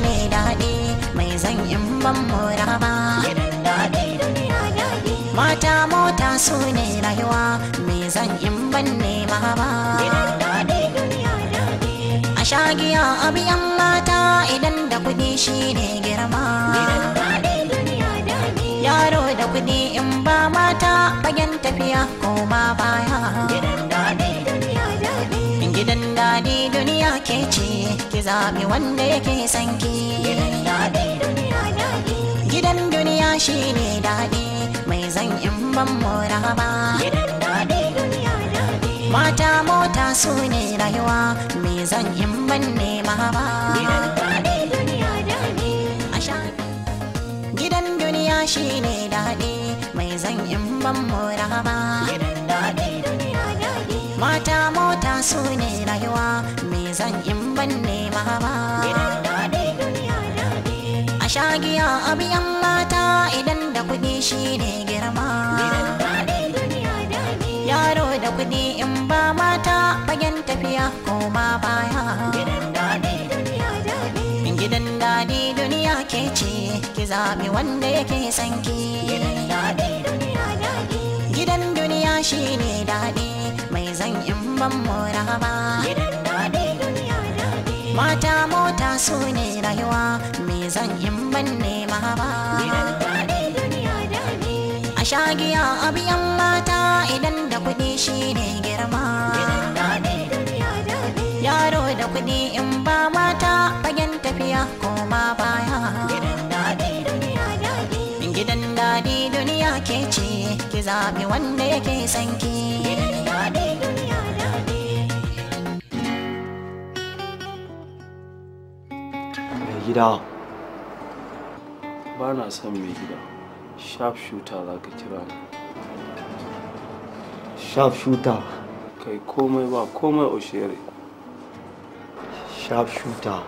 ne daɗi mai zan in ban mora mata mota su ne rayuwa mai zan in ban nema ba a shagiya abiyan mata idan da kuɗi ne girma yaro da kuɗi in ba mata bagen tafiya ko koma baya gidan daɗi duniya ke ce zaɓi wanda yake son ki gidan duniya shi ne daɗi mai zan in ban mora ba mata mota su ne rayuwa mai zan in ban nema ba gidan duniya shi ne daɗi mai zan in ban mora ba mata mota su ne rayuwa mai zan in ban nema ba a shagiya abiyan mata idan da kuɗi shine girma yaro da kuɗi in ba mata fagen tafiya ko ma baya gidan daɗi duniya ke ce ki zaɓi wanda yake sanki gidan duniya shine daɗi mai zan in ban mora ba mata mota su ne rayuwa me zan yin ban nema ba a shagiya abiyan mata idan da kuɗi shi ne girma yaro da kuɗi in ba mata bagen tafiya ko ma baya gidan daɗi duniya ke ce ki zabi wanda yake sanki gidan daɗi gida ba na son mai gida sharp shooter za ka kira ni sharp shooter kai komai ba komai oshere sharp shooter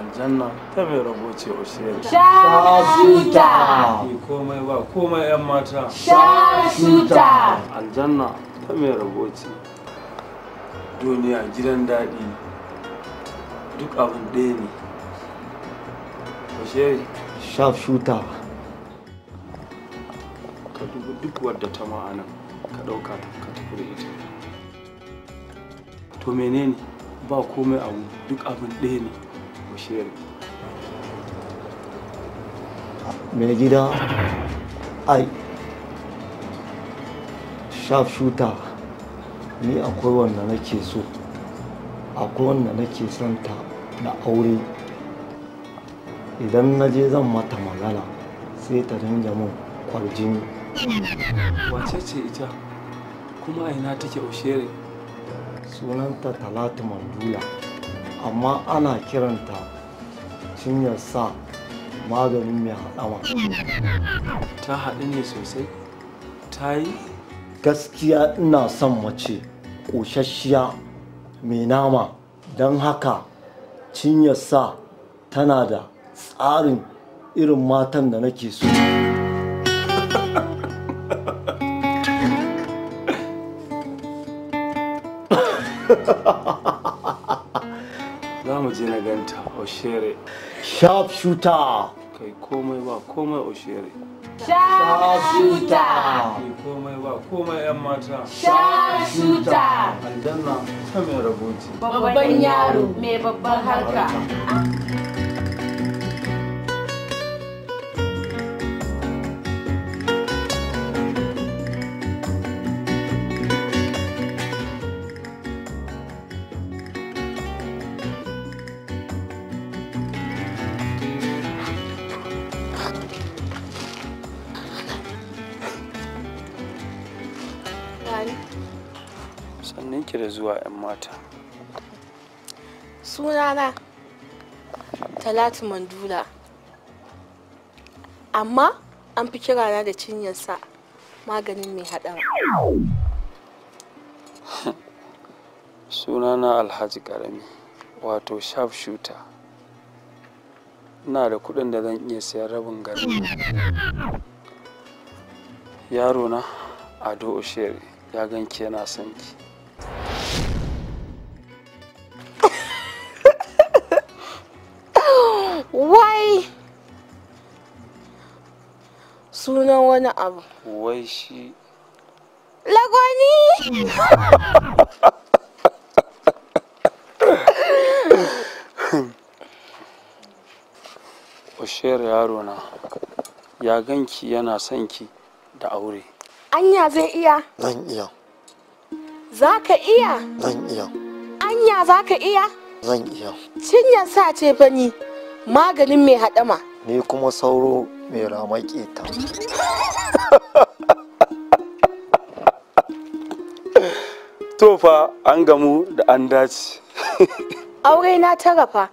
aljanna ta mai rabo ce oshere sharp shooter komai ba komai yan mata sharp shooter aljanna ta mai rabo ce duniya gidan daɗi duk abin ɗaya ne ashe sharp shooter ka dubi duk wadda ta duk abin ɗaya ne mai gida ai sharp shooter ni akwai wanda nake so akwai wanda nake santa na aure idan na je zan mata magana sai ta rinja mun kwarjini wace ce ita kuma a ina take ushere sunanta talatu mandula amma ana kiranta cinyar sa maganin mai haɗama ta haɗu ne sosai ta yi gaskiya ina son mace ƙoshashiya mai nama don haka cinyar sa tana da tsarin irin matan da nake so za mu je na ganta oshere sharp shooter kai komai ba komai oshere sharp shooter kai komai ba komai yan mata sharp shooter ta mai raboti babban yaro mai babban harka zuwa 'yan mata sunana talatu mandula amma an fi kirana da cinyarsa maganin mai Suna sunana alhaji karami wato sharp shooter ina da kuɗin da zan iya sayan rabin garin yaro na ado oshere ya ganki yana son ki sunan wani abu wai shi lagoni Ushiyar yaro na ya ganki yana son ki da aure. Anya zai iya? Zan iya. Za ka iya? Zan iya. Anya za ka iya? Zan iya. Cinyar sa ce bani maganin mai haɗama. ni kuma sauro mai ramaki ta to fa an gamu da an dace aure na tara fa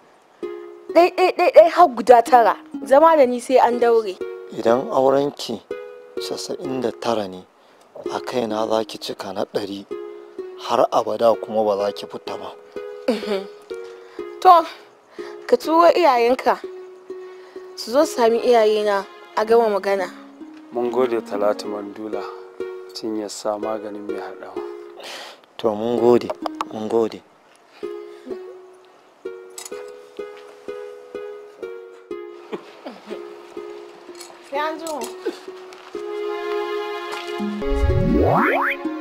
ɗai ɗai ɗai ɗai har guda tara zama da ni sai an daure idan aurenki casa'in da tara ne a kaina za ki cika na ɗari har abada kuma ba za ki fita ba to ka turo iyayenka su zo su sami iyayena a gama magana mun gode talatu mandula tun ya sa maganin mai haɗawa to mun gode mun gode Sai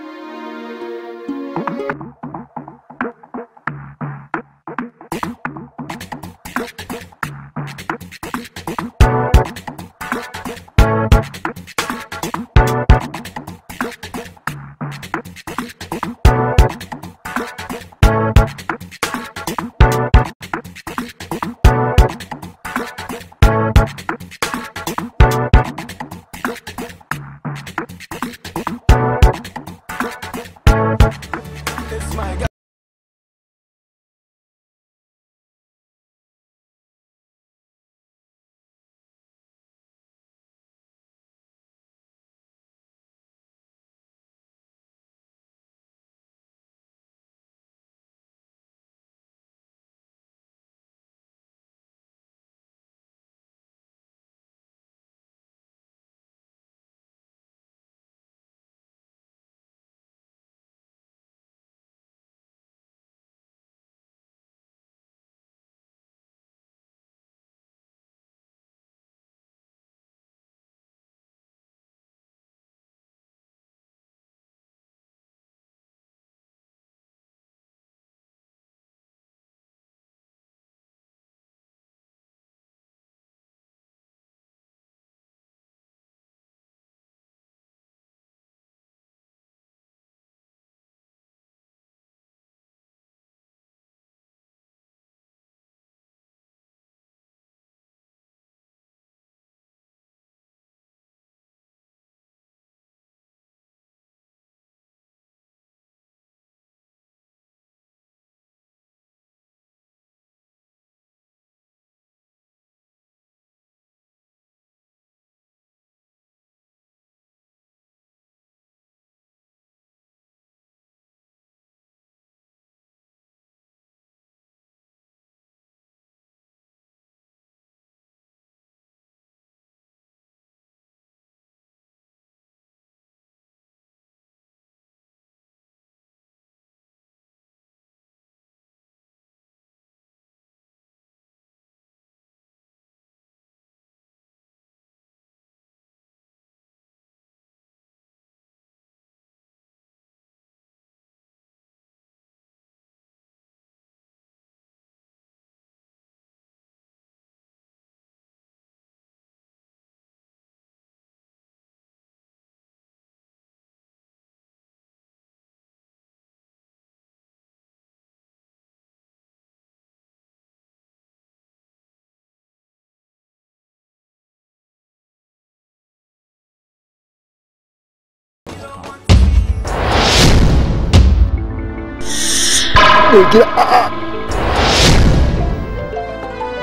da gida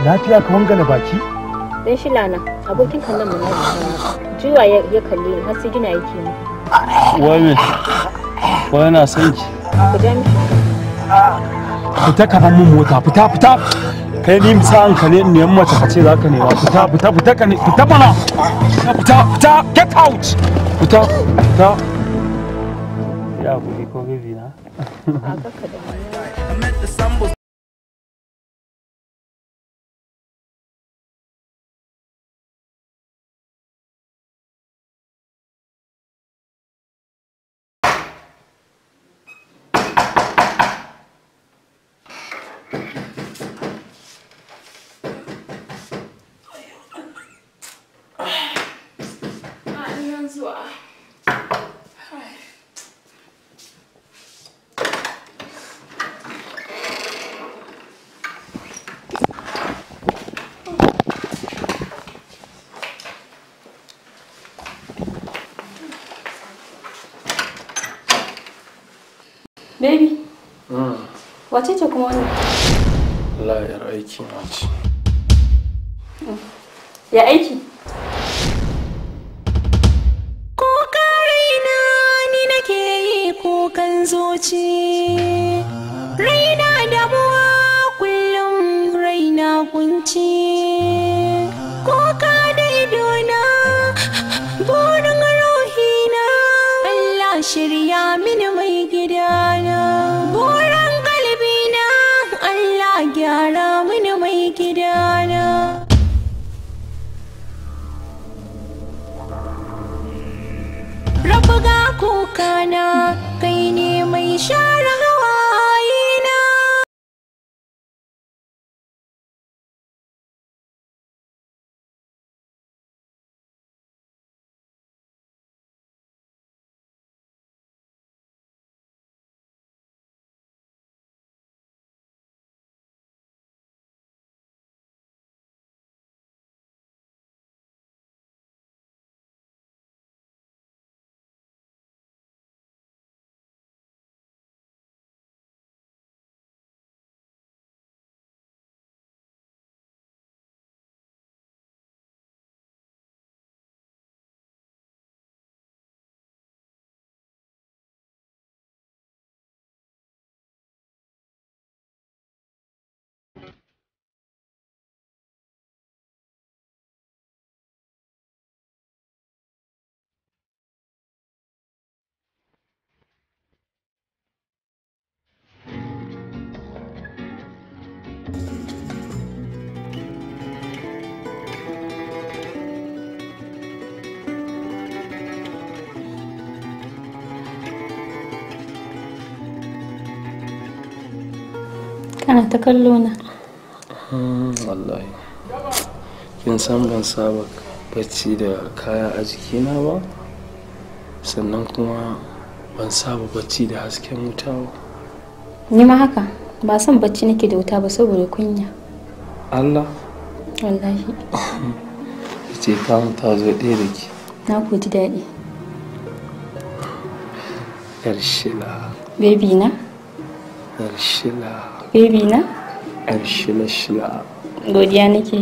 lafiya ka wangana baki dan shi lana abokin kallon mu na jiwa ya kalle har sai gina yake ni wai wai na san ki ku ja mi fita ka mun mota fita fita kai ni misa an kale in neman ka kace za ka nema fita fita fita ka ne fita fita fita get out fita fita ya ku ko bibi na a da wace ce kuma wannan Allah ya aiki na ce ya aiki kana ta kallo na hmm, wallahi kin san ban saba bacci da kaya a jikina ba sannan kuma ban saba bacci da hasken wuta ba ni ma haka ba son bacci nake da wuta ba saboda kunya Allah wallahi ce kamu ta zo ɗaya da ke na ku ji daɗi yarshila baby na yarshila baby na? yar shila shila godiya nake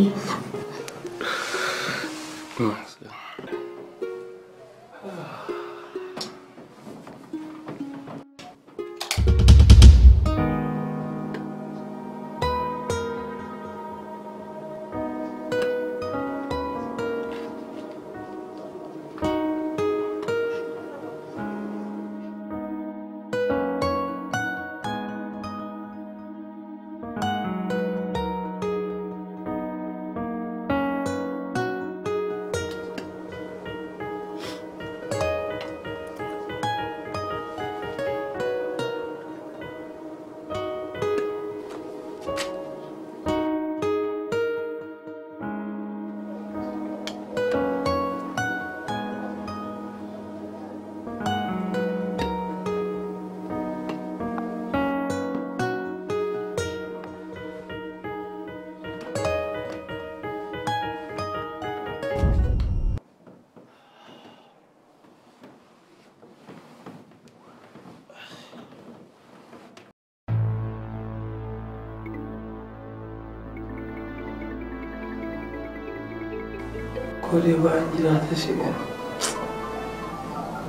ko dai ba gida ta shiga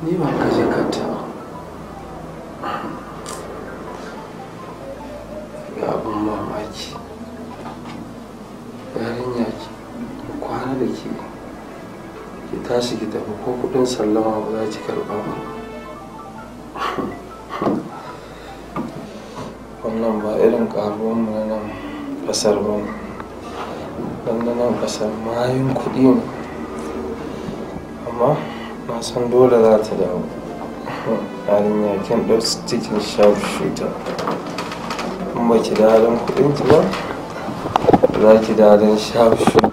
ni ban kashe kanta ba mamaki yarinya kwana da ke ki tashi ki tafi ko kudin sallama ba za ki karɓa ba wannan ba irin mu na nan kasar ba nan ƙasar mayun kuɗi ne amma na san dole za ta dawo yarinya yakin ɗau cikin shafi shuta in ba ki da halin kuɗin ki ba za ki da halin shafi shuta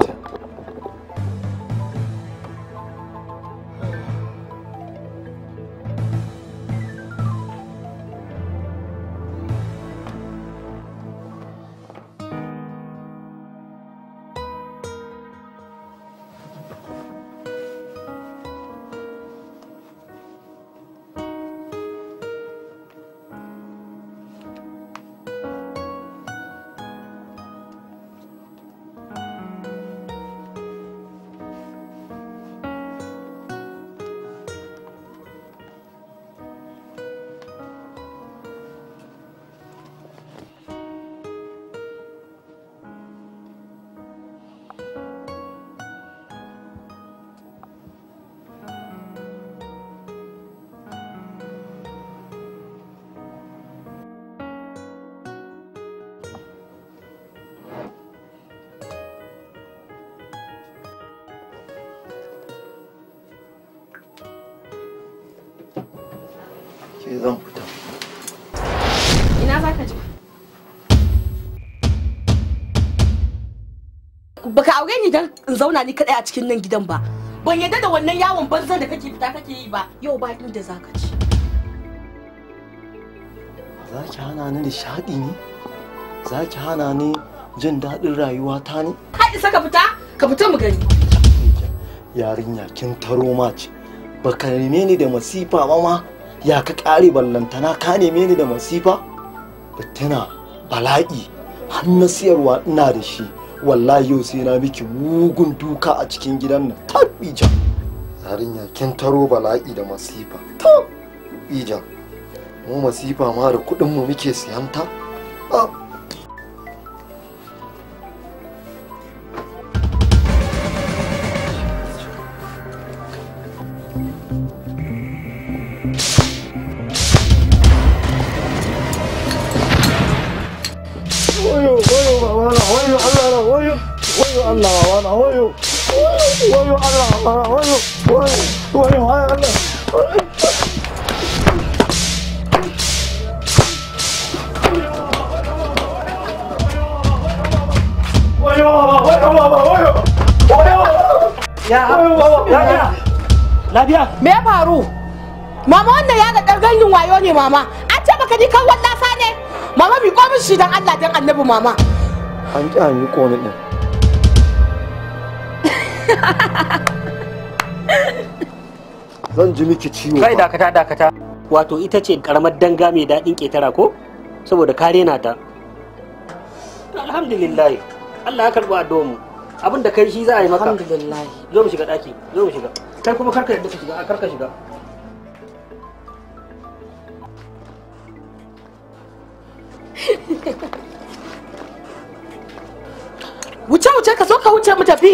ke zan fita ina za ka je baka aure ni don in zauna ni kadai a cikin nan gidan ba ban yadda da wannan yawon banza da kake fita kake yi ba yau ba inda za ka ci za ki hana ni nishaɗi ne za ki hana ni jin daɗin rayuwa ta ne haɗi ka fita ka fita mu gani yarinya kin taro ma ce ba ka neme ni da masifa ba ma ya ka ƙare ballantana ka neme ni da masifa tana bala'i har na siyarwa ina da shi wallahi yau sai na miki mugun duka a cikin gidan nan tabbija yarinya kin taro bala'i da masifa bijan mu masifa ma da kuɗin mu muke siyanta mama an ce baka ji kan wallasa ne mama mi komin shi dan Allah dan annabi mama an ji an yi kone din zan ji miki ciwo kai dakata dakata wato ita ce karamar danga mai dadin ketara ko saboda kare na ta alhamdulillah Allah ya karɓi addu'a mu abinda da kai shi za a yi maka alhamdulillah zo mu shiga daki zo mu shiga kai kuma karka yadda ka shiga karka shiga wuce ka zo ka wuce mu tafi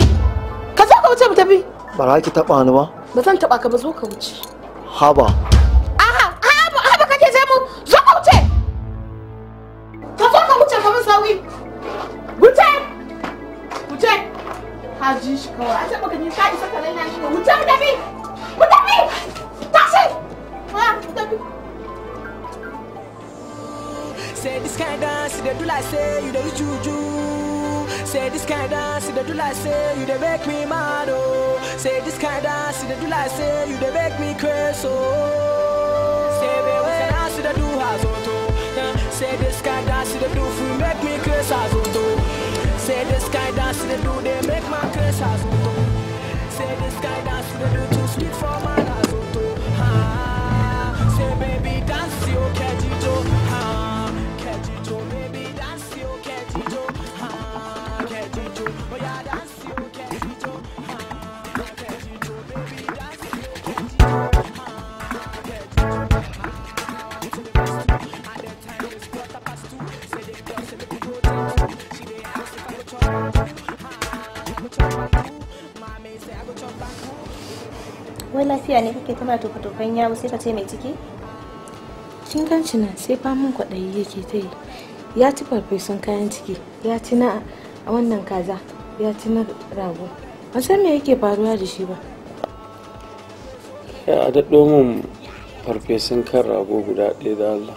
ka zo ka wuce mu tafi ba za ki taba ni ba ba zan taba ka ba zo ka wuce haba soul. lafiya ne kake ta mara tofa-tofan yawo sai ka ce mai ciki kin ganci nan sai famin kwaɗayi yake ta yi ya ci farfesun kayan ciki ya ci na wannan kaza ya ci na rago ban san me yake faruwa da shi ba ya daɗo min farfesun kan rago guda ɗaya da Allah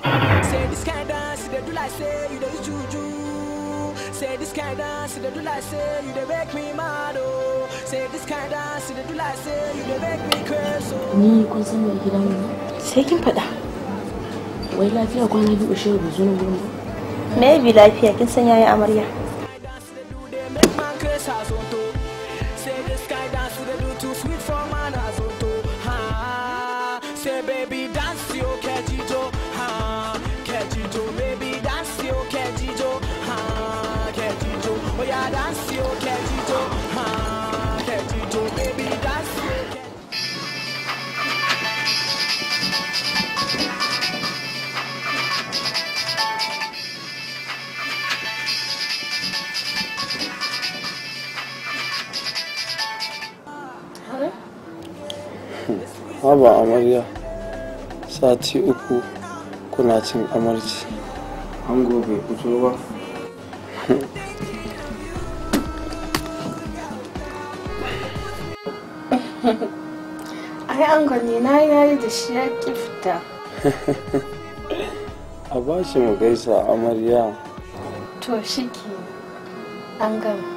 Say this kind dance, you do like say you dey make me mad oh. Say this kind dance, you do like say you dey make me curse oh. Ni kun san me gidan mu? Sai kin faɗa. Wai lafiya kwana biyu shi bai zo gurin ba. lafiya kin san yayi amarya. baby haba amarya sati uku kuna cin amarci ango bai fito ba ai ango gani na yi yayi da shi ya ki fita a bashi mu gaisa amarya to shi an gama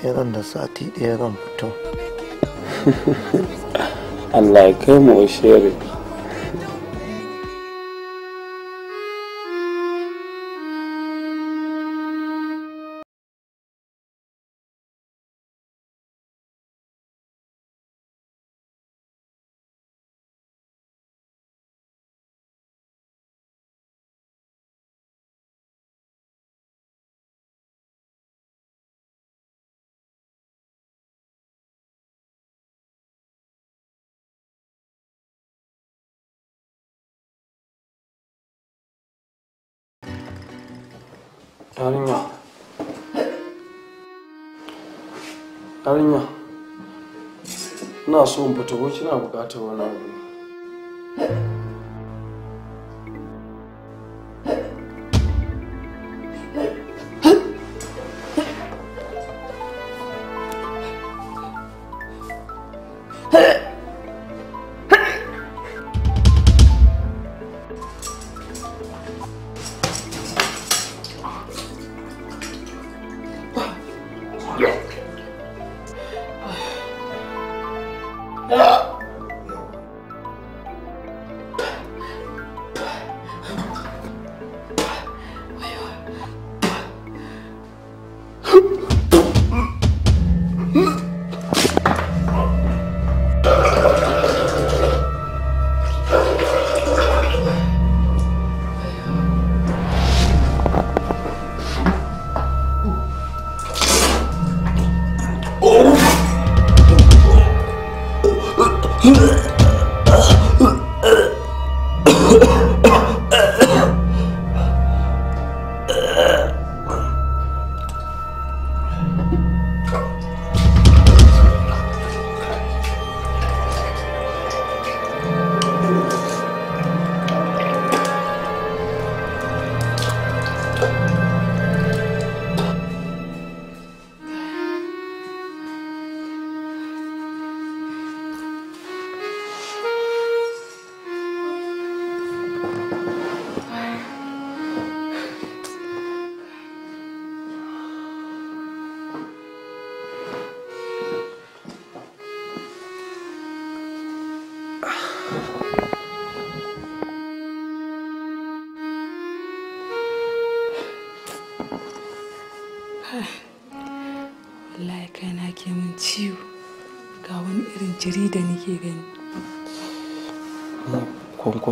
tseren da sati ɗaya ran fito Allah ya kai mu shere. asumbuutibwa okiraba bukaatewa naawe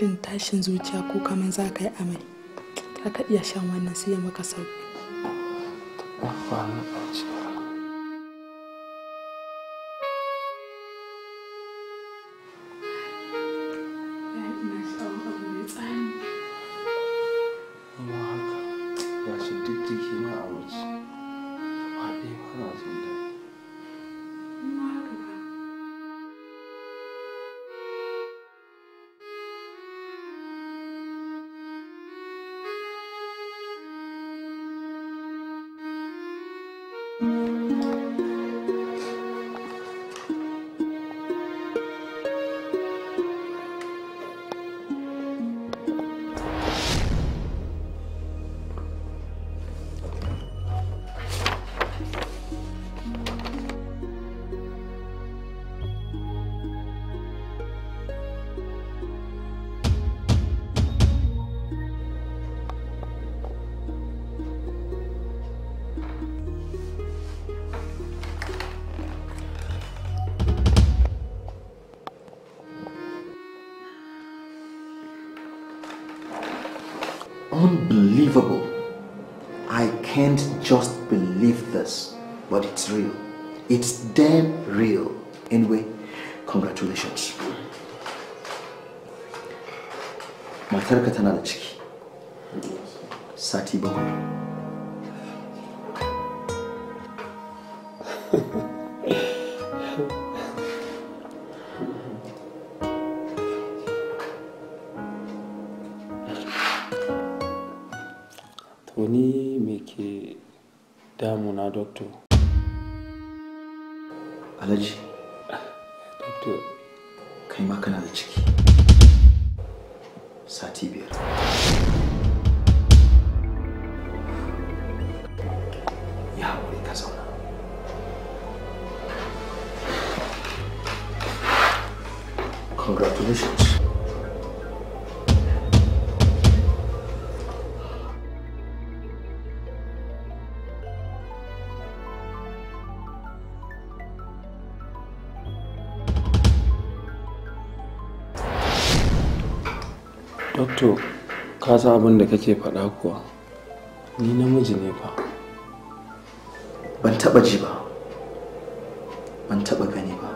jin tashin zuciya ko kamar za ka yi amai za ka iya shan wannan sai ya maka sauki Alhaji, doctor kai ma kana da ciki. Sati biyar. Ya haƙuri ka zauna. Congratulations. to ka san abin da kake faɗa kuwa ni namiji ne fa ban taɓa ji ba ban taɓa gani ba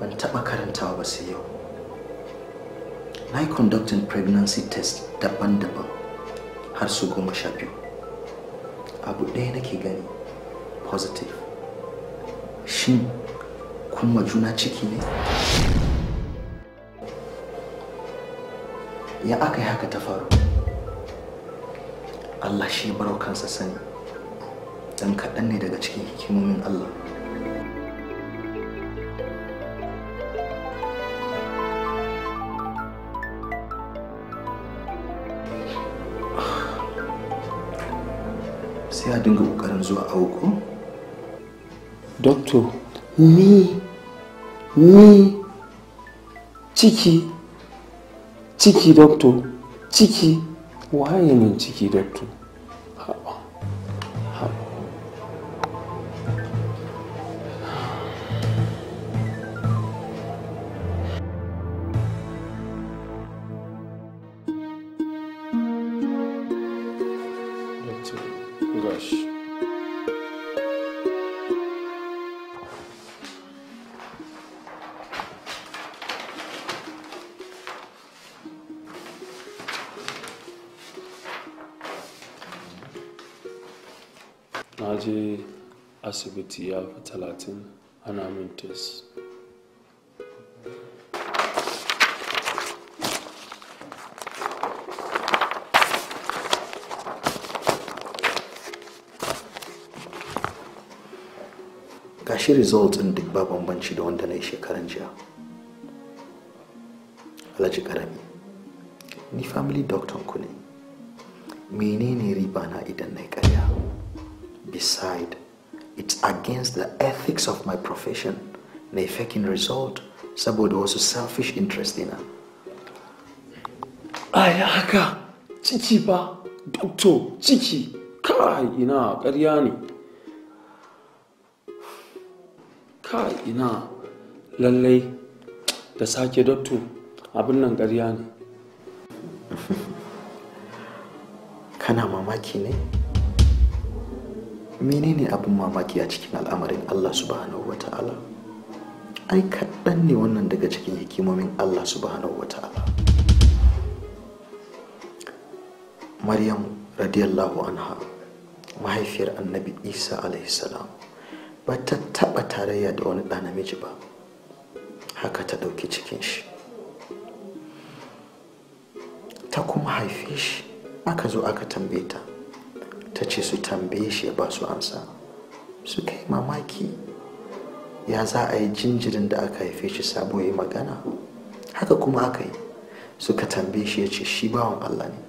ban taɓa karantawa ba sai yau na yi conducting pregnancy test daban-daban har su goma sha biyu abu ɗaya nake gani positive shin kuma juna ciki ne ya aka yi haka ta faru Allah shi barau kansa sani dan kaɗan ne daga cikin hikimomin Allah sai a dinga ƙoƙarin zuwa auku doctor ni ni ciki ciki doctor ciki waye ne ciki doctor Namen des. gashi results ɗin duk ba bambanci da wanda na yi shekaran jiya alhaji karami ni family doctor ku ne menene riba na idan na yi karya beside it's against the ethics of my profession effect in result saboda wasu selfish interest in a ya haka ciki ba doctor ciki kai ina kariani. kai ina lallai da sake doctor abin nan karya ne kana mamaki ne? menene abin mamaki a cikin al'amarin Allah subhanahu ta'ala ai kaɗan ne wannan daga cikin hikimomin Allah subhanahu ta'ala maryam radiyallahu anha mahaifiyar annabi isa salam ba ta taɓa tarayya da wani ɗa miji ba haka ta ɗauki cikin shi ta kuma haife shi aka zo aka tambaye ta ta ce su tambaye shi ya ba su amsa su kai mamaki ya za a yi jinjirin da aka haife shi sabo yi magana haka kuma aka yi suka tambaye shi ya ce shi bawan Allah ne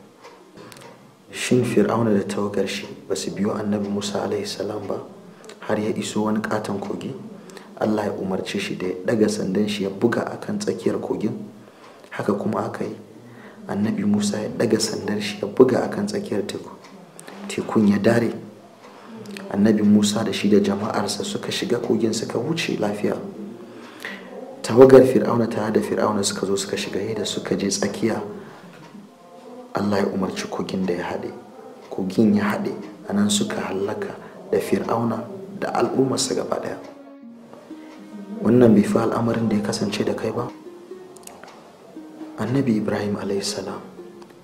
shin fir'auna da tawagar shi ba su biyo annabi musa alaihi salam ba har ya iso wani katon kogi allah ya umarci shi da ya daga sandan shi ya buga akan tsakiyar kogin haka kuma aka yi annabi musa ya daga sandan shi ya buga akan tsakiyar teku tekun ya dare annabi musa da shi da jama'arsa suka shiga kogin suka wuce lafiya tawagar fir'auna tare da fir'auna suka zo suka shiga yadda suka je tsakiya allah ya umarci kogin da ya haɗe kogin ya haɗe a nan suka hallaka da fir'auna da al'ummarsa gaba ɗaya wannan bai fi al'amarin da ya kasance da kai ba annabi ibrahim salam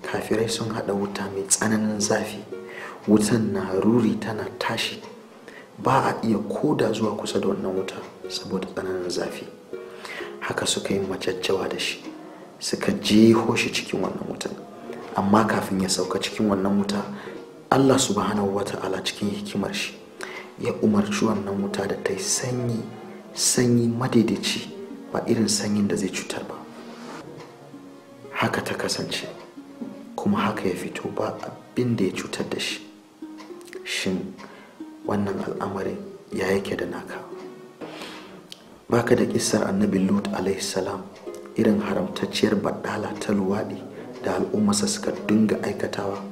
kafirai sun haɗa wuta mai tsananin zafi wutan na ruri tana tashi ba a iya koda zuwa kusa da wannan wuta saboda tsananin zafi haka suka yi macaccawa da shi suka jeho shi cikin wannan wutan amma kafin ya sauka cikin wannan wuta allah subhanahu wa ta'ala cikin hikimar shi ya umarci wannan wuta da ta yi sanyi sanyi madaidaici ba irin sanyin da zai cutar ba haka ta kasance kuma haka ya fito ba abin da ya cutar da shi shin wannan al'amarin ya yake da naka baka da kisar annabi lut salam irin haramtacciyar baddala ta luwaɗi da al'ummasa suka dinga aikatawa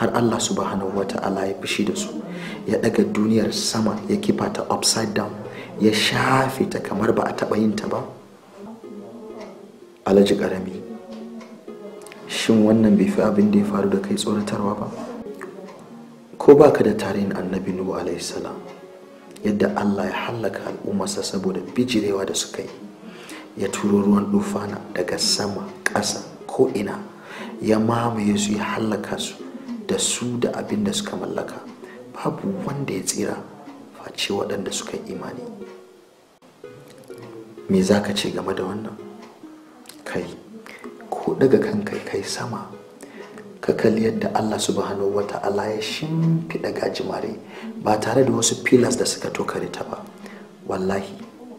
har allah subhanahu wata'ala ya shi da su ya ɗaga duniyar sama ya kifa ta upside down ya shafe ta kamar ba a taɓa yin ta ba alaji ƙarami shin wannan bai fi abin ya faru da kai tsoratarwa ba ko ba ka da tarihin annabi nuhu alaihi yadda allah ya hallaka al'ummarsa saboda bijirewa da suka yi ya turo ruwan dufana daga sama ƙasa ko ina ya mamaye su ya hallaka su da su da abin da suka mallaka babu wanda ya tsira face waɗanda suka yi imani me za ka ce game da wannan kai ko daga kankai kai sama ka kalli yadda Allah subhanahu wa ta'ala ya shimfiɗa gajimare ba tare da wasu pillars da suka tokare ta ba wallahi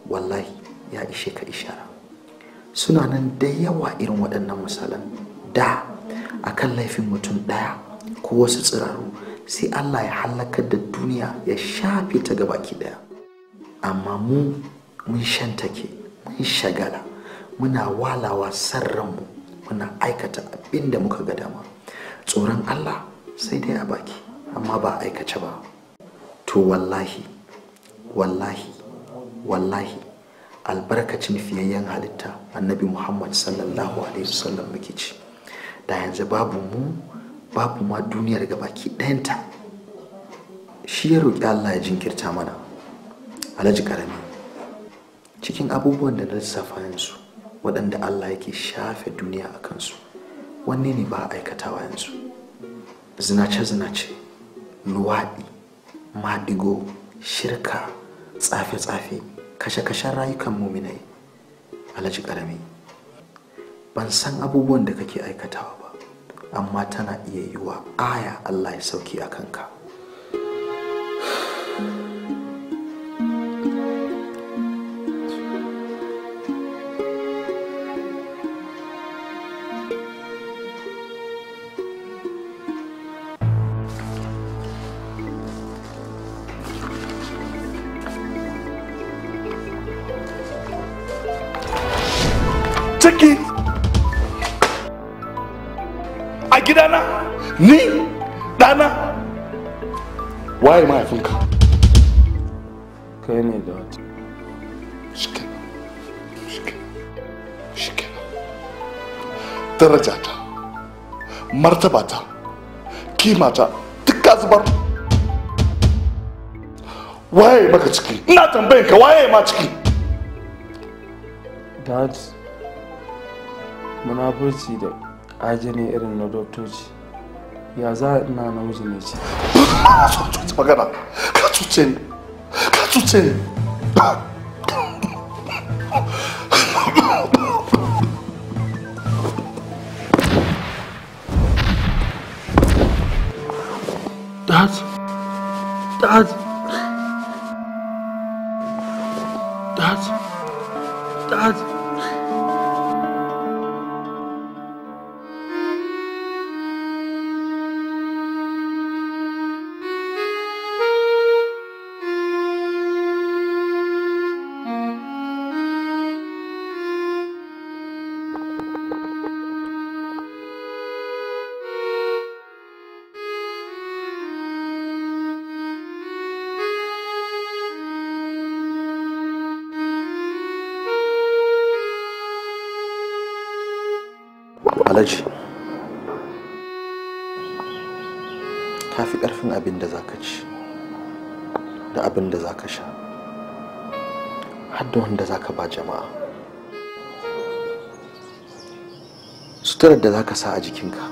wallahi ya ishe ka ishara suna nan da yawa irin waɗannan misalan da a kan laifin mutum ɗaya ko wasu tsiraru sai Allah ya halakar da duniya ya shafe ta gabaki ɗaya amma mu mun shantake mun shagala muna walawa san ranmu muna aikata abinda muka ga dama tsoron Allah sai dai a baki amma ba a aikace ba to wallahi wallahi wallahi albarkacin fiyayyen halitta annabi muhammad sallallahu alaihi wasallam muke ci da yanzu babu mu babu ma duniyar baki ɗayanta shi ya roƙi allah ya jinkirta mana alhaji karami cikin abubuwan da na lissafa yanzu waɗanda allah yake shafe duniya a kansu wanne ne ba aikatawa yanzu zinace-zinace luwaɗi maɗigo shirka tsafe-tsafe kashe-kashen rayukan muminai alhaji ƙarami ban san abubuwan da kake aikatawa ba amma tana iya yiwa aya allah ya sauki a kanka waye mahaifinka kai ne da wata darajata martabata kimata duk ka zubar waye maka ciki ina tambayin ka waye ma ciki dad munafurci da ajini irin na doktoci ya za ina namiji ne ciki 아, 쫓아가라. 가축질. 가축질. Dad. d a alhaji ta fi ƙarfin abin da za ka ci da abin da za ka sha hadda wanda za ka ba jama'a suturar da za ka sa a jikinka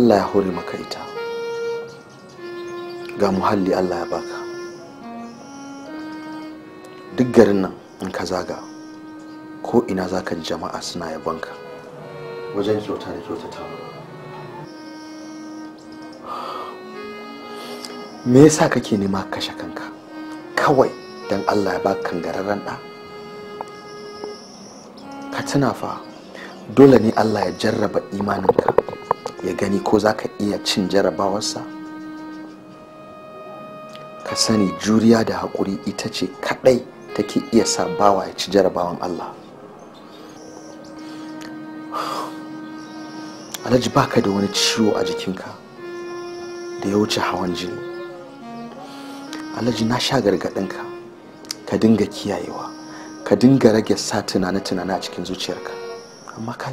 allah ya hore maka ita ga muhalli allah ya baka duk garin nan in ka zaga ko ina za ka ji jama'a suna yabonka wajen kyauta da kyautata me yasa kake nema kashe kanka kawai don allah ya baka kangararren ɗa ka tuna fa dole ne allah ya jarraba imaninka ya gani ko za ka iya cin jarrabawarsa ka sani juriya da haƙuri ita ce kaɗai take iya sa bawa ya ci jarrabawan allah alhaji baka da wani ciwo a jikinka da ya wuce hawan jini alhaji na sha gargaɗinka ka dinga kiyayewa ka dinga rage sa tunane-tunane a cikin zuciyarka amma ka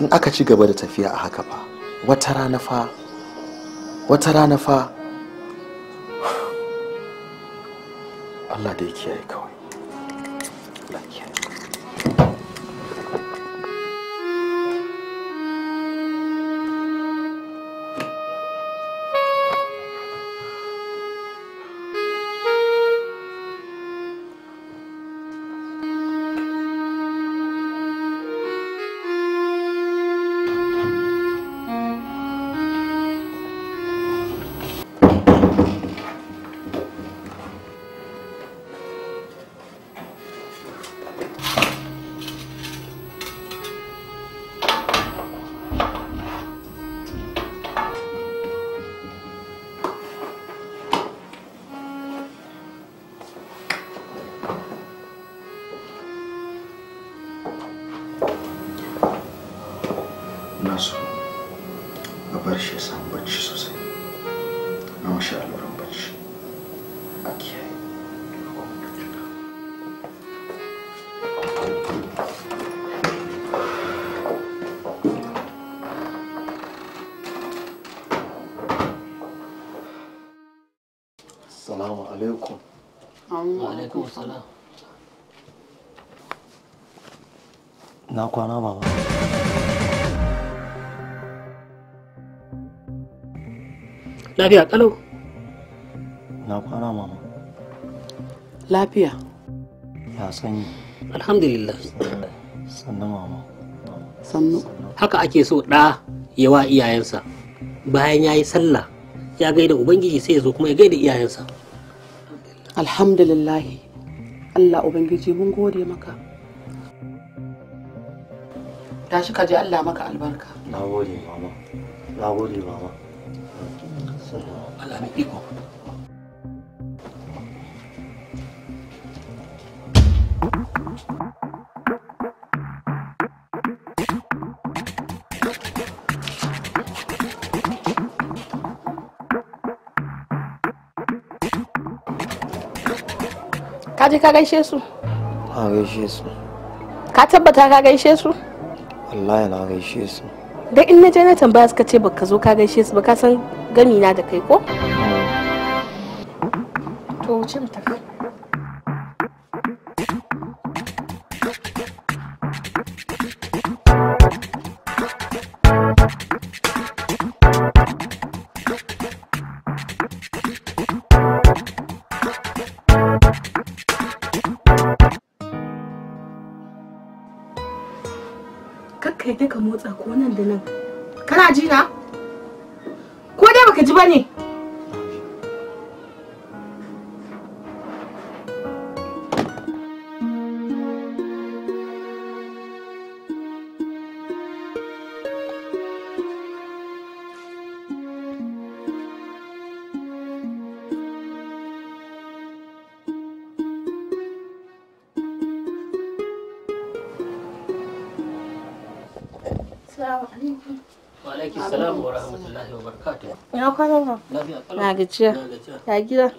in aka ci gaba da tafiya a haka fa wata rana fa wata rana fa Allah da ya kiyaye kawai alaikum na kwana baba lafiya na kwana mama lafiya ya sanyi alhamdulillah sannu mama sannu haka ake so ɗa yawa iyayensa bayan ya yi sallah ya gaida ubangiji sai ya zo kuma ya gaida iyayensa alhamdulillahi Allah Ubangiji mun gode maka tashi ka je Allah maka albarka na gode mama na gode mama Allah iko je ka gaishe su na gaishe su ka tabbata ka gaishe su wallahi na gaishe su dan in na je na tambaya suka ce baka zo ka gaishe su ba ka san gami na da kai ko to wuce mu tafi kakkai ta ka motsa ko nan da nan kana ji na ko dai baka ji bane yawa na gajiya ya gida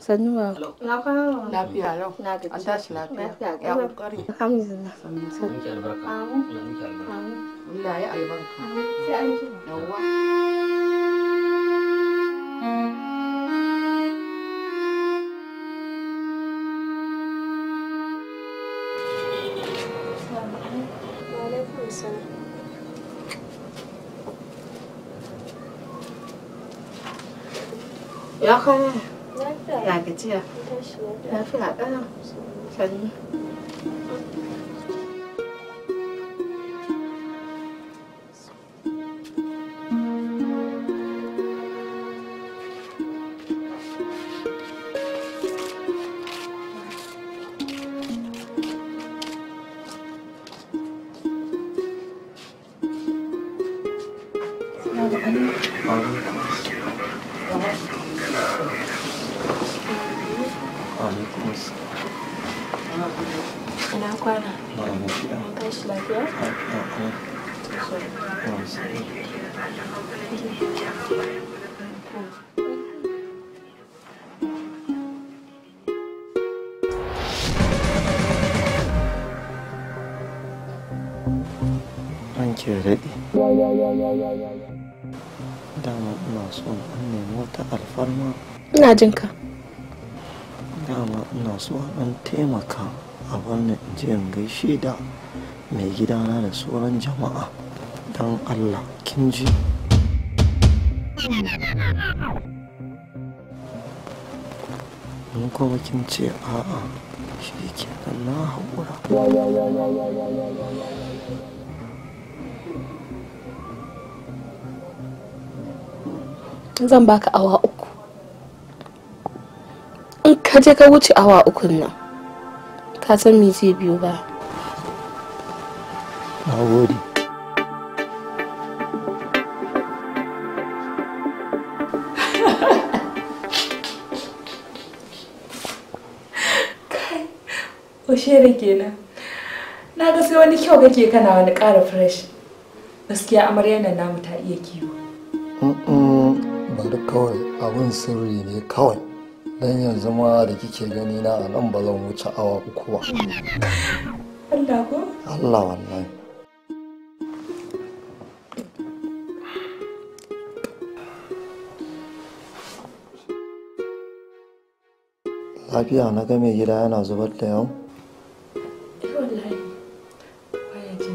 sannu ba na kwana lau na gajiya an tashi ya kokari alhamdulillah sannu sannu ya albarka kwana. Lafiya. Ya gajiya. Lafiya ƙarar. Sannu. dama ina so an taimaka a wannan je in gaishe da mai gidana da sauran jama'a don allah kin ji kuma kin ce a'a shi ke na haƙura zan baka awa uku ka je ka wuce awa ukun nan ka san me zai biyo ba na kenan. Na ga sai wani kyau kake kana wani ƙara fresh. Gaskiya amaryar nan namu ta iya kiwo. Bari kawai abun sirri ne kawai. Dan yanzu ma da kike gani na a nan ba zan wuce awa uku ba Allah ko Allah wallahi lafiya na ga mai gida yana zubar da yau eh, wallahi daɗi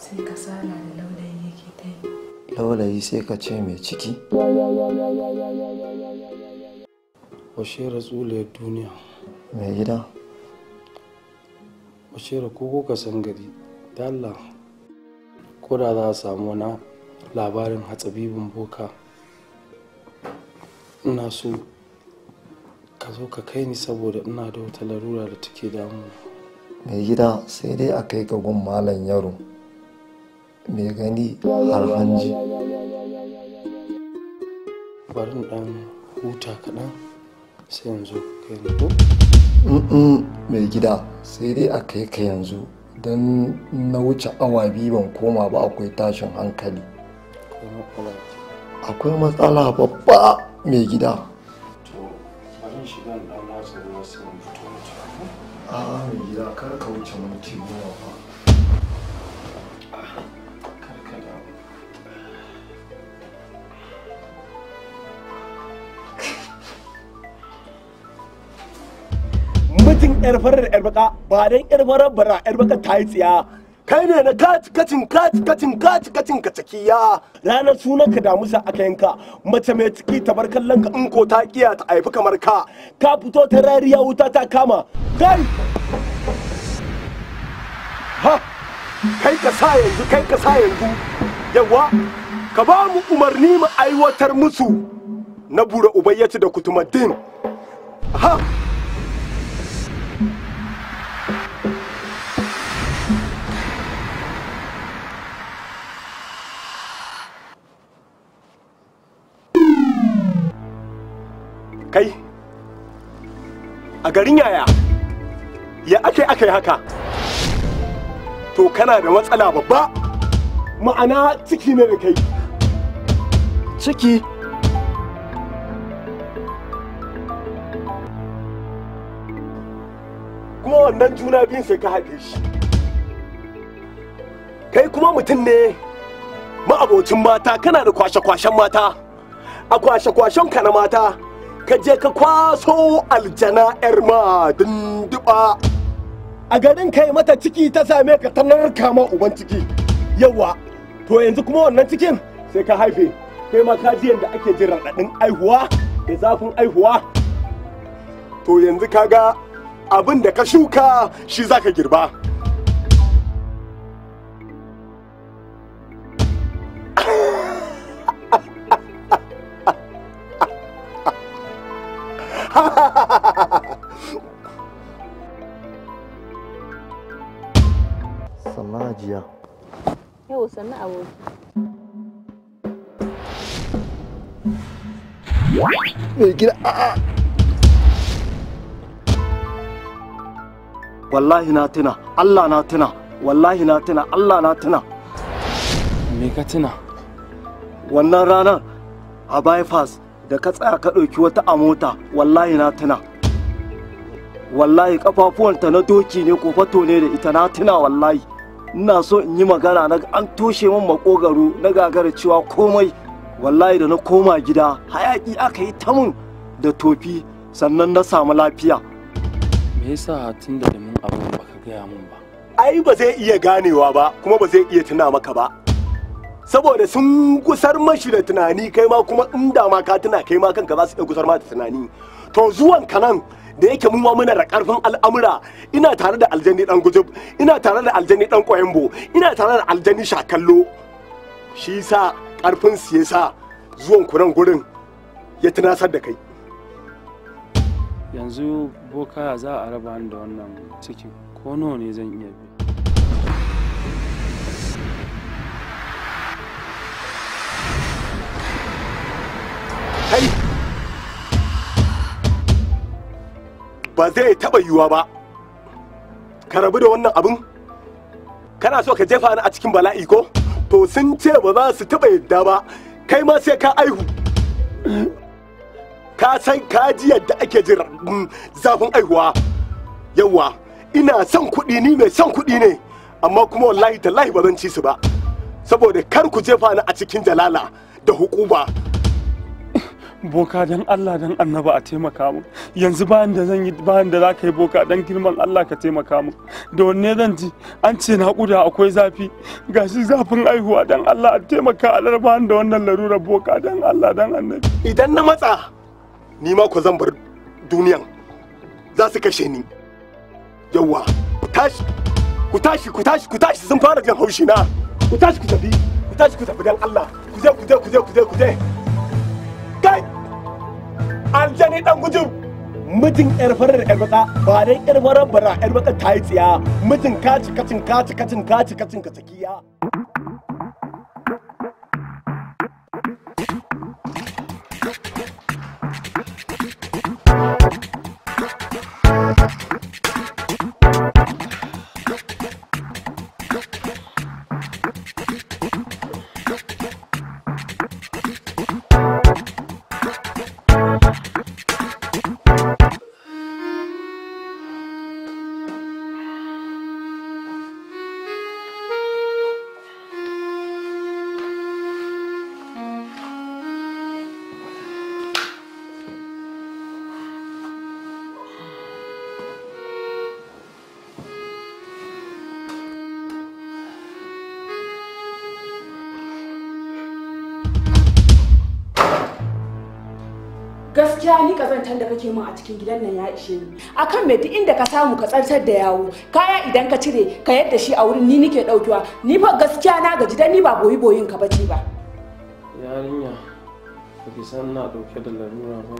sai kasala da laulayi yake ta yi sai ka ce mai ciki bashira tsuliyar duniya mai gida bashira ko kuka san gari dala ko da za a samu na labarin hatsabibin boka ina so ka zo ka kai ni saboda ina da wata larura da take damu mai gida sai dai a kai ka gun malam yaro mai gani har hanji bari ɗan huta kaɗan sai yanzu kai ne ko mai gida sai dai a kai ka yanzu don na wuce awa biyu ban koma ba akwai tashin hankali akwai matsala babba mai gida a mai gida kar ka wuce minti goma ba katin yar farar yar baka ba dan yar farar bara yar baka ta yi tsiya kai ne na kaci kacin kaci kacin kaci kacin ka ciki ya ranar sunan ka damusa aka yanka mace mai ciki ta bar kallon ka in ko ta kiya ta haifi kamar ka ka fito ta rariya wuta ta kama kai ha kai ka sa yanzu kai ka sa yanzu yawa ka ba mu umarni mu aiwatar musu na bura ubayyaci da kutumaddin ha kai a garin yaya ya ake aka yi haka to kana da matsala babba ma'ana ciki ne da kai ciki kuma wannan juna biyun sai ka haife shi kai kuma mutum ne ma'abocin mata kana da kwashe-kwashen mata a kwashe-kwashen ka na mata ka je ka kwaso aljana 'yar ma dindiba a garin kai mata ciki ta same ka ta narka ma uban ciki yawa to yanzu kuma wannan cikin sai ka haife kai ma ka ji yadda ake jin raɗaɗin aihuwa da zafin aihuwa to yanzu ga abin da ka shuka shi zaka girba sannu aboki gida wallahi na tuna Allah na tuna wallahi na tuna Allah na tuna me ka tuna wannan ranar a bypass da ka tsaya ka ɗauki wata a mota wallahi na tuna wallahi kafafuwanta na doki ne ko fato ne da ita na tuna wallahi ina so in yi magana na an toshe min makogaro na gagara cewa komai wallahi da na koma gida hayaki aka yi ta mun da tofi sannan na samu lafiya me yasa tun da mun ba baka gaya mun ba ai ba zai iya ganewa ba kuma ba zai iya tuna maka ba saboda sun gusar mashi da tunani kai ma kuma inda ma ka tuna kai ma kanka za su iya gusar ma da tunani to zuwan ka nan da yake mu ma muna da karfin al'amura ina tare da aljani dan gujub ina tare da aljani dan kwayambo ina tare da aljani shakallo shi sa karfin su yasa zuwan kuran gurin ya tunasar da kai yanzu boka za a raba ni da wannan ciki ko nawa ne zan iya bi ba zai taɓa yiwuwa ba ka rabu da wannan abin kana so ka jefa ni a cikin bala'i ko to sun ce ba za su taɓa yadda ba kai ma sai ka aihu ka san ka ji yadda ake jin mm, zafin aihuwa yawa ina son kuɗi ni mai son kuɗi ne amma kuma wallahi tallahi ba zan ci su ba saboda kar ku jefa ni a cikin jalala da hukuma boka don Allah don annaba a taimaka mu yanzu bayan da zan yi bayan da za ka yi boka don girman Allah ka taimaka mu da wanne zan ji an ce naƙuda akwai zafi gashi zafin aihuwa don Allah a taimaka a larbahan da wannan larurar boka don Allah don annabi idan na matsa ni ma ku zan bar duniyan za su kashe ni yawwa ku tashi ku tashi ku tashi ku tashi sun fara jin haushi na ku tashi ku tafi ku tashi ku tafi don Allah ku je ku je ku je ku je ku je kai aljani dan gujin mijin yar farar yar ba dai yar farar bara yar ta yi tsiya mijin ka ka cin ka ka cin ka ka cin ka tsakiya kashe da kake min a cikin gidan nan ya ishe ni akan me duk inda ka samu ka tsantsar da yawo kaya idan ka cire ka yadda shi a wurin ni nike daukewa ni fa gaskiya na gaji dan ni ba boyi boyin ka bace ba yarinya ba ki san na dauke da lalura ba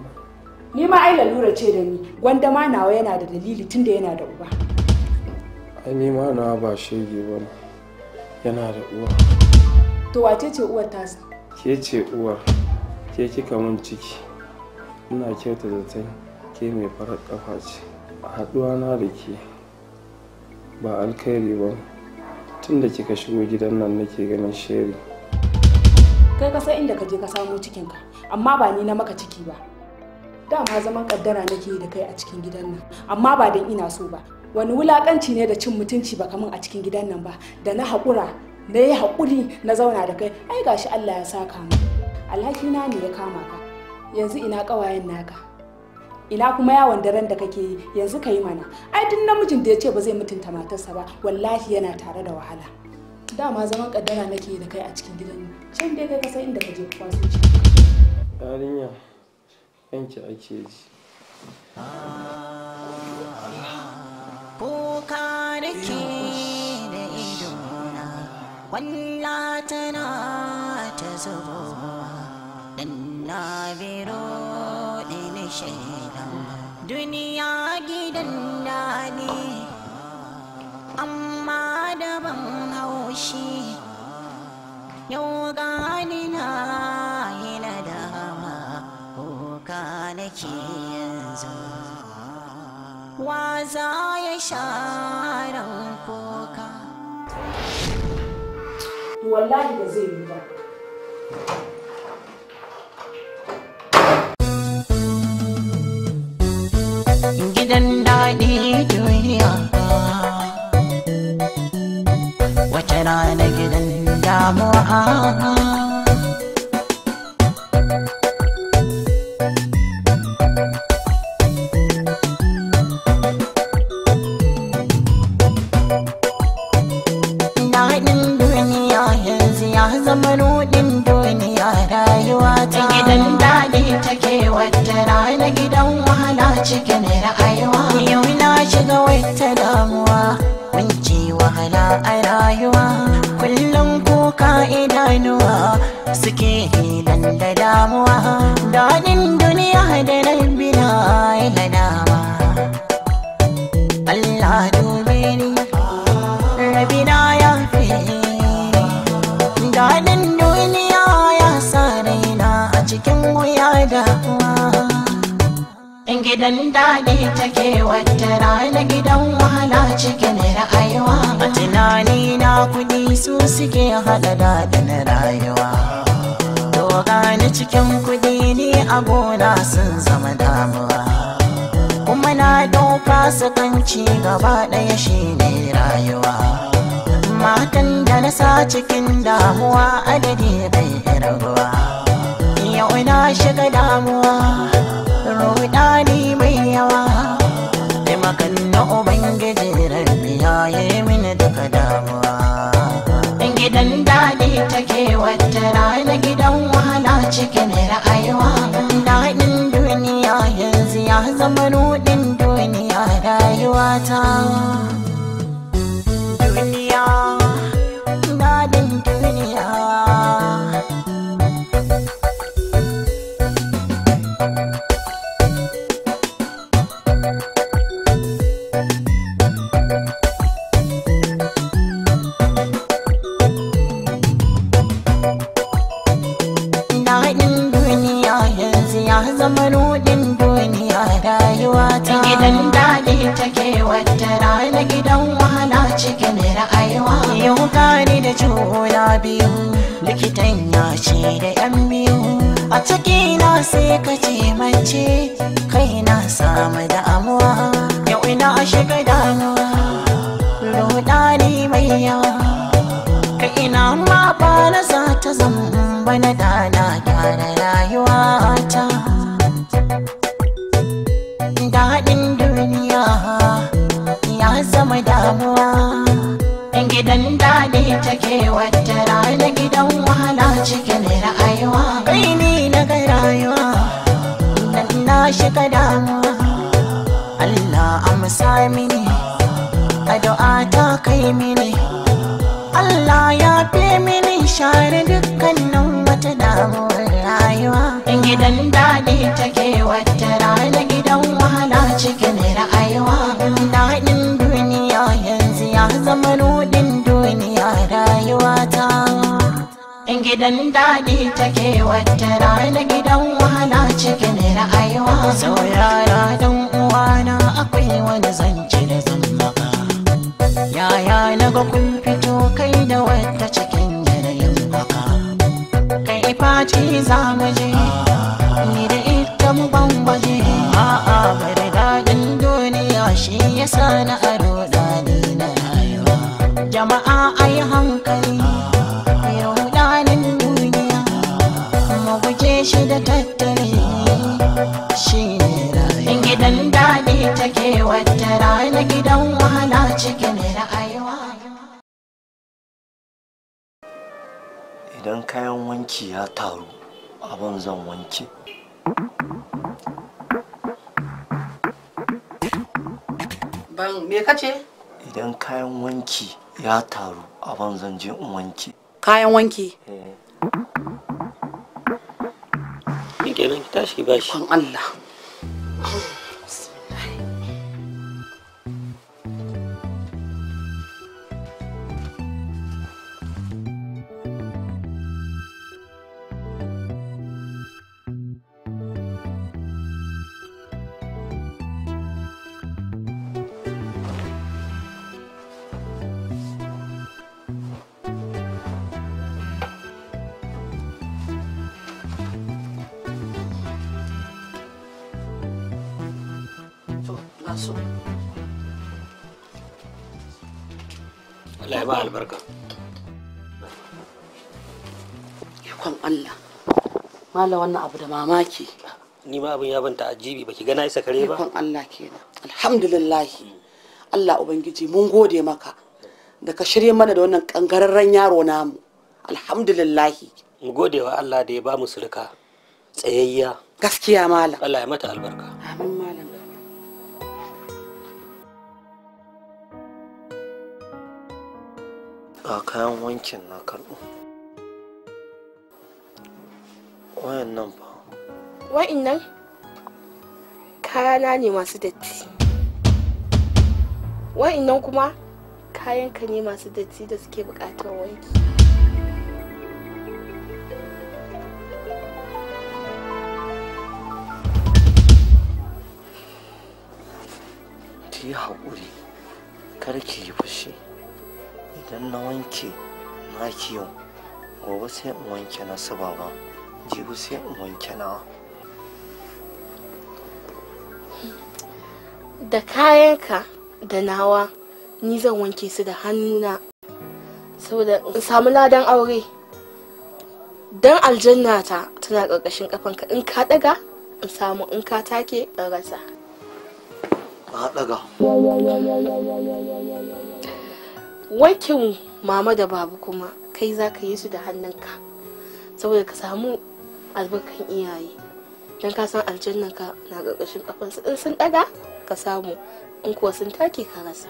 ni ma ai lalura ce da ni gwanda ma nawa yana da dalili tunda yana da uba ai ni ma na ba shege ba yana da uwa to wace ce uwar tasa ke ce uwar ke kika mun ciki ina kyauta zaton ke mai farar kafa ce haɗuwa na da ke ba alkhairi ba tun da kika shigo gidan nan nake ganin sheri kai ka san inda ka je ka samo cikinka amma ba ni na maka ciki ba dama zaman kaddara nake da kai a cikin gidan nan amma ba dan ina so ba wani wulakanci ne da cin mutunci ba kaman a cikin gidan nan ba da na haƙura na yi haƙuri na zauna da kai ai gashi Allah ya saka mu alhaki na ne ya kama ka yanzu ina ƙawayen naka ina kuma yawon daren da kake yi yanzu ka yi mana ai duk namijin da ya ce ba zai mutunta matarsa ba wallahi yana tare da wahala dama zaman kaddara nake da kai a cikin gidan nan can dai kai ka san inda ka je kwaso ci yarinya yanki ake ji kuka da da idona walla tana ta zubo biro na shaidan duniya gidan dadi amma daban haushi yau gani na yi na dama kuka nake yanzu wa za ya sharan kuka wallahi da zai yi ba ya zama nudin duniya rayuwata take wata rana gidan wahala cikin ra'ayuwa idan kayan wanki ya taru abin zan wanke ban me kace idan kayan wanki ya taru abin zan je in wanke kayan wanki shi eh. kenan ki tashi ba shi Allah mala wannan abu da mamaki ni ma abin ya banta ajibi baki gana isa kare ba ikon Allah kenan alhamdulillah Allah ubangiji mun gode maka da ka shirye mana da wannan kangararren yaro namu alhamdulillah mu gode wa Allah da ya ba mu sulka tsayayya gaskiya malam Allah ya mata albarka amin malam ga kayan wankin na karɓo wayan nan fa nan kayana ne masu datti wa'in nan kuma kayanka ne masu datti da suke buƙatar wanki ki haƙuri kar ki yi fushi idan na wanke na gobe sai in wanke na su baba jibu sai in wanke nawa da kayanka da nawa ni zan wanke su da hannuna saboda in samu aure dan aljanna ta tana ƙarƙashin kafanka in ka ɗaga in samu in ka take in rasa na ɗaga wankin mama da babu kuma kai za ka yi su da hannunka saboda ka samu albarkan iyaye don ka san aljannanka ka na ƙarƙashin kafansu in sun ɗaga ka samu in kuwa sun take ka rasa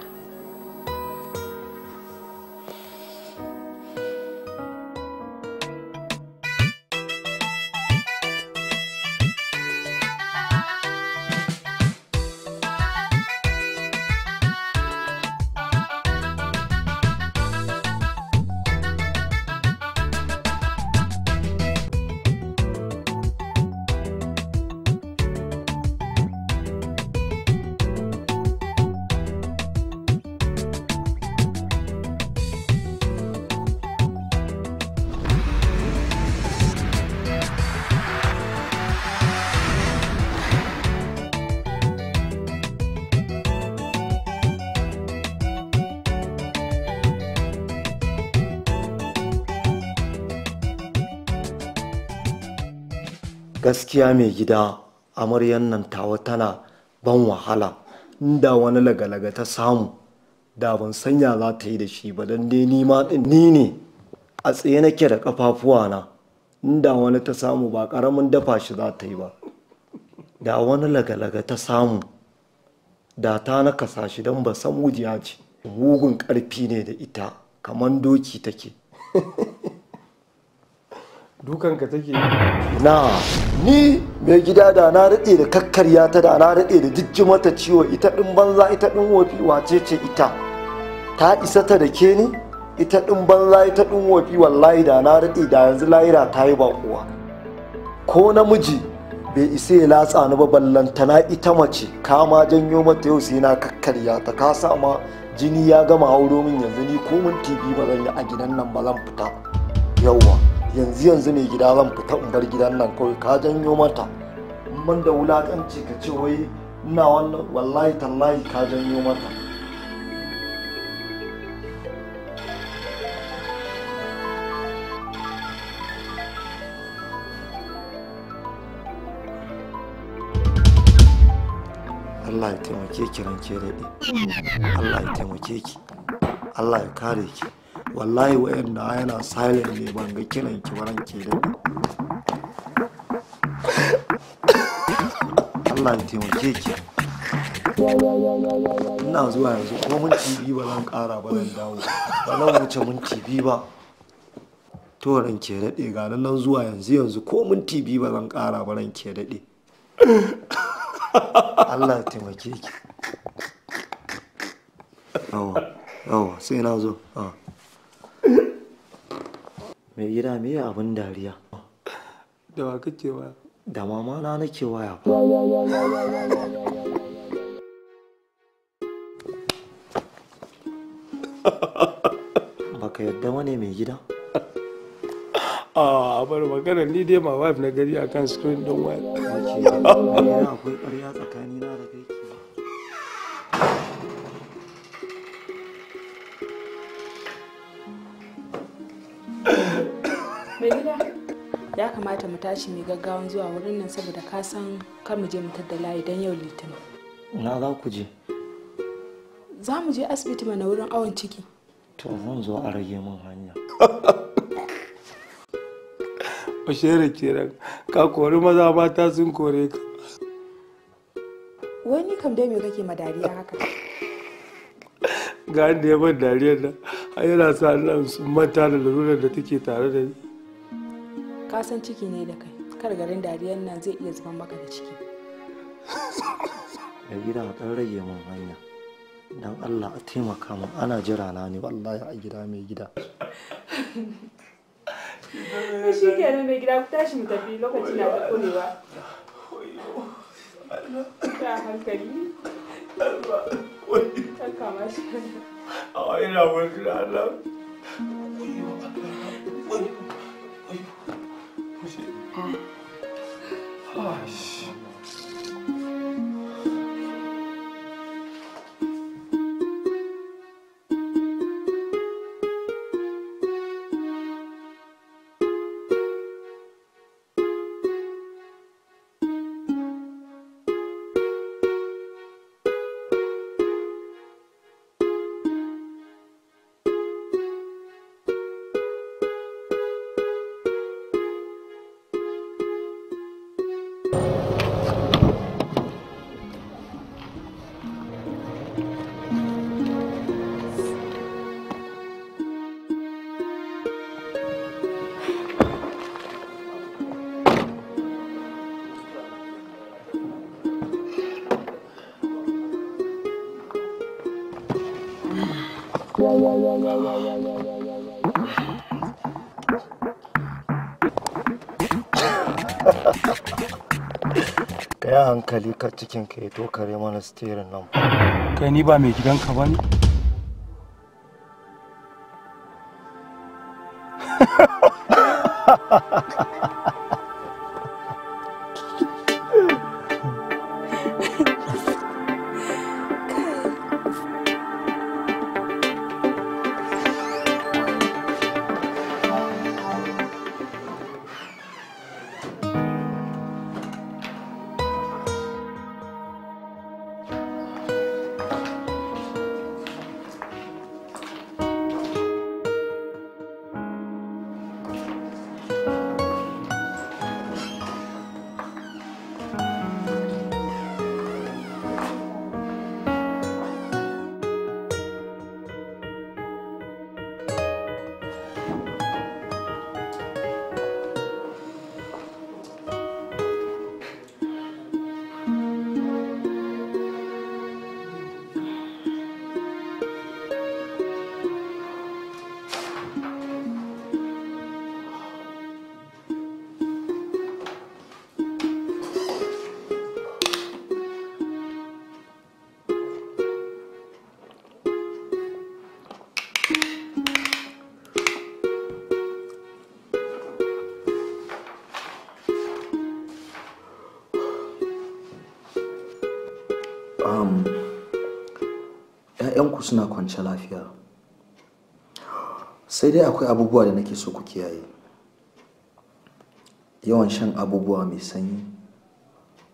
gaskiya mai gida amaryan nan tawa tana ban wahala inda wani lagalaga ta samu da ban sanya za ta yi da shi ba don dai ni ma ni ne a tsaye nake da na inda wani ta samu ba ƙaramin dafa shi za ta yi ba da wani lagalaga ta samu da ta kasa shi don ba san wujiya ce mugun ƙarfi ne da ita kamar doki take dukan ka take na ni mai gida da na rade da kakkarya ta da na rade da jijjimata ciwo ita din banza ita din wofi wace ce ita ta isa ta da ke ni ita din banza ita din wofi wallahi da na rade da yanzu laira ta yi bakuwa ko namiji bai isa ya latsa ni ba ballantana ita mace ka ma janyo mata yau sai na kakkarya ta ka sa ma jini ya gama hauro min yanzu ni ko mun tv ba zan yi a gidan nan ba zan fita yauwa yanzu yanzu ne gida zan fita in bar gidan nan kawai ka janyo mata mun da wulakanci ka ce wai ina wannan wallahi tallahi ka janyo mata Allah ya taimake ki ranke daɗe Allah ya taimake ki Allah ya kare ki wallahi wa'yan na yana silent ne ban ga kiran ki ran ke da Allah ya taimake ki ina zuwa yanzu kuma mun biyu ba zan ƙara ba zan dawo ba zan wuce mun biyu ba to ran ke daɗe ga nan zuwa yanzu yanzu ko mun biyu ba zan ƙara ba ran ke daɗe Allah ya taimake ki yawa yawa sai na zo ah. Mai gida me ya abin dariya? Da wa kake waya? Da mama na nake waya. Baka yadda wane mai gida? a ah, bar magana ni dai ma wife na gari akan screen don waya. Akwai ƙarya tsakanina ya kamata mu tashi mai gaggawan zuwa wurin nan saboda ka san kar mu je mu da layi don yau litinin. Na za ku je? Za mu je asibiti mana wurin awon ciki. To zan zo a rage min hanya. Bashere kenan, ka kori maza mata sun kore ka. wani kam dai me kake ma dariya haka? Ga da ya ban dariyar nan, yana sa nan su manta da lalurar da take tare da ni. kasan ciki ne da kai kar garin dariyar nan zai iya zuban maka da ciki ya gida a dan rage mun hanya don Allah a taimaka mun ana jira na ne wallahi a gida mai gida shi ke nan mai gida ku tashi mu tafi lokaci na da kurewa ta hankali Allah kama shi a ina wani Allah hankali kar cikin ka ya tokare mana steering nan kai ni ba mai gidanka ba ne ku suna kwance lafiya sai dai akwai abubuwa da nake so ku kiyaye yawan shan abubuwa mai sanyi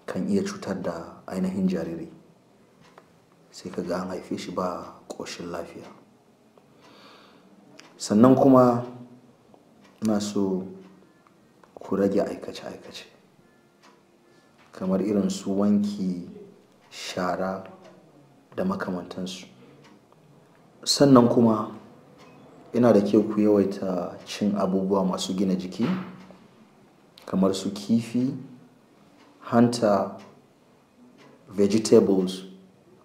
kan iya cutar da ainihin jariri sai ka ga an haife shi ba ƙoshin lafiya sannan kuma na so ku rage aikace-aikace kamar irin su wanki shara da makamantansu sannan kuma yana da kyau ku yawaita cin abubuwa masu gina jiki kamar su kifi hanta vegetables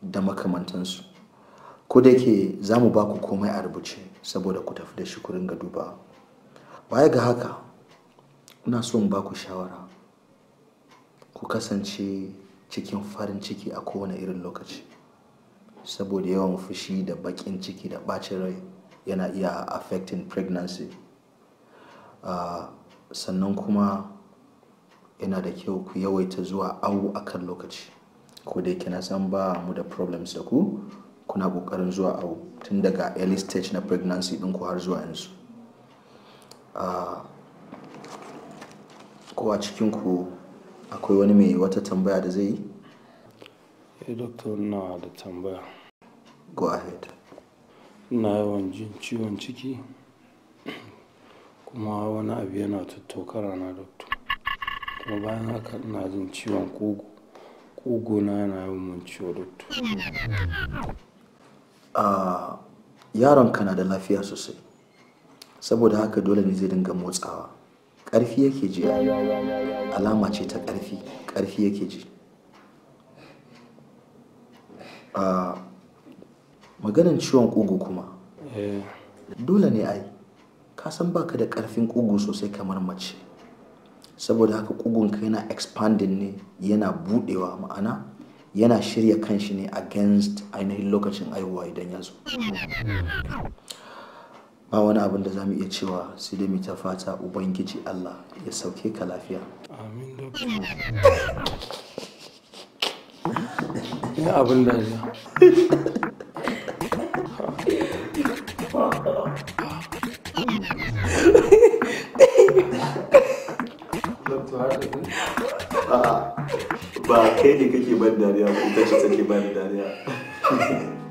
da makamantansu ko da yake za mu ba ku komai a rubuce saboda ku tafi da shi ku ringa duba baya ga haka ina so mu ba ku shawara ku kasance cikin farin ciki a kowane irin lokaci saboda yawan fushi da baƙin ciki da ɓacin rai yana iya affecting pregnancy uh, sannan kuma yana da kyau ku yawaita zuwa awu kan lokaci ko da yake na san ba mu da problems da ku kuna ƙoƙarin zuwa awu tun daga early stage na pregnancy ku har zuwa yanzu uh, ko a cikinku akwai wani mai wata tambaya da zai yi eh doctor na da tambaya go ahead ina yawan jin ciwon ciki kuma wani abu yana tattaukara na doctor kuma bayan haka ina jin ciwon kogo kogo na yana yawan mun ciwo doctor ah, yaron kana da lafiya sosai saboda haka dole ne zai dinga motsawa ƙarfi yake ji alama ce ta ƙarfi ƙarfi yake ji a maganin ciwon ƙugu kuma eh. dole ne ai ka san baka da ƙarfin ƙugu sosai kamar mace saboda haka ƙugunka yana expanding ne yana budewa ma'ana yana shirya kanshi ne against ainihin lokacin aihuwa idan ya zo ba wani abin da za mu iya cewa sai dai mu ta fata ubangiji allah ya sauke ka lafiya amin Ya abin da ya. Ba kai ne kake ban dariya ko kashi take ban dariya.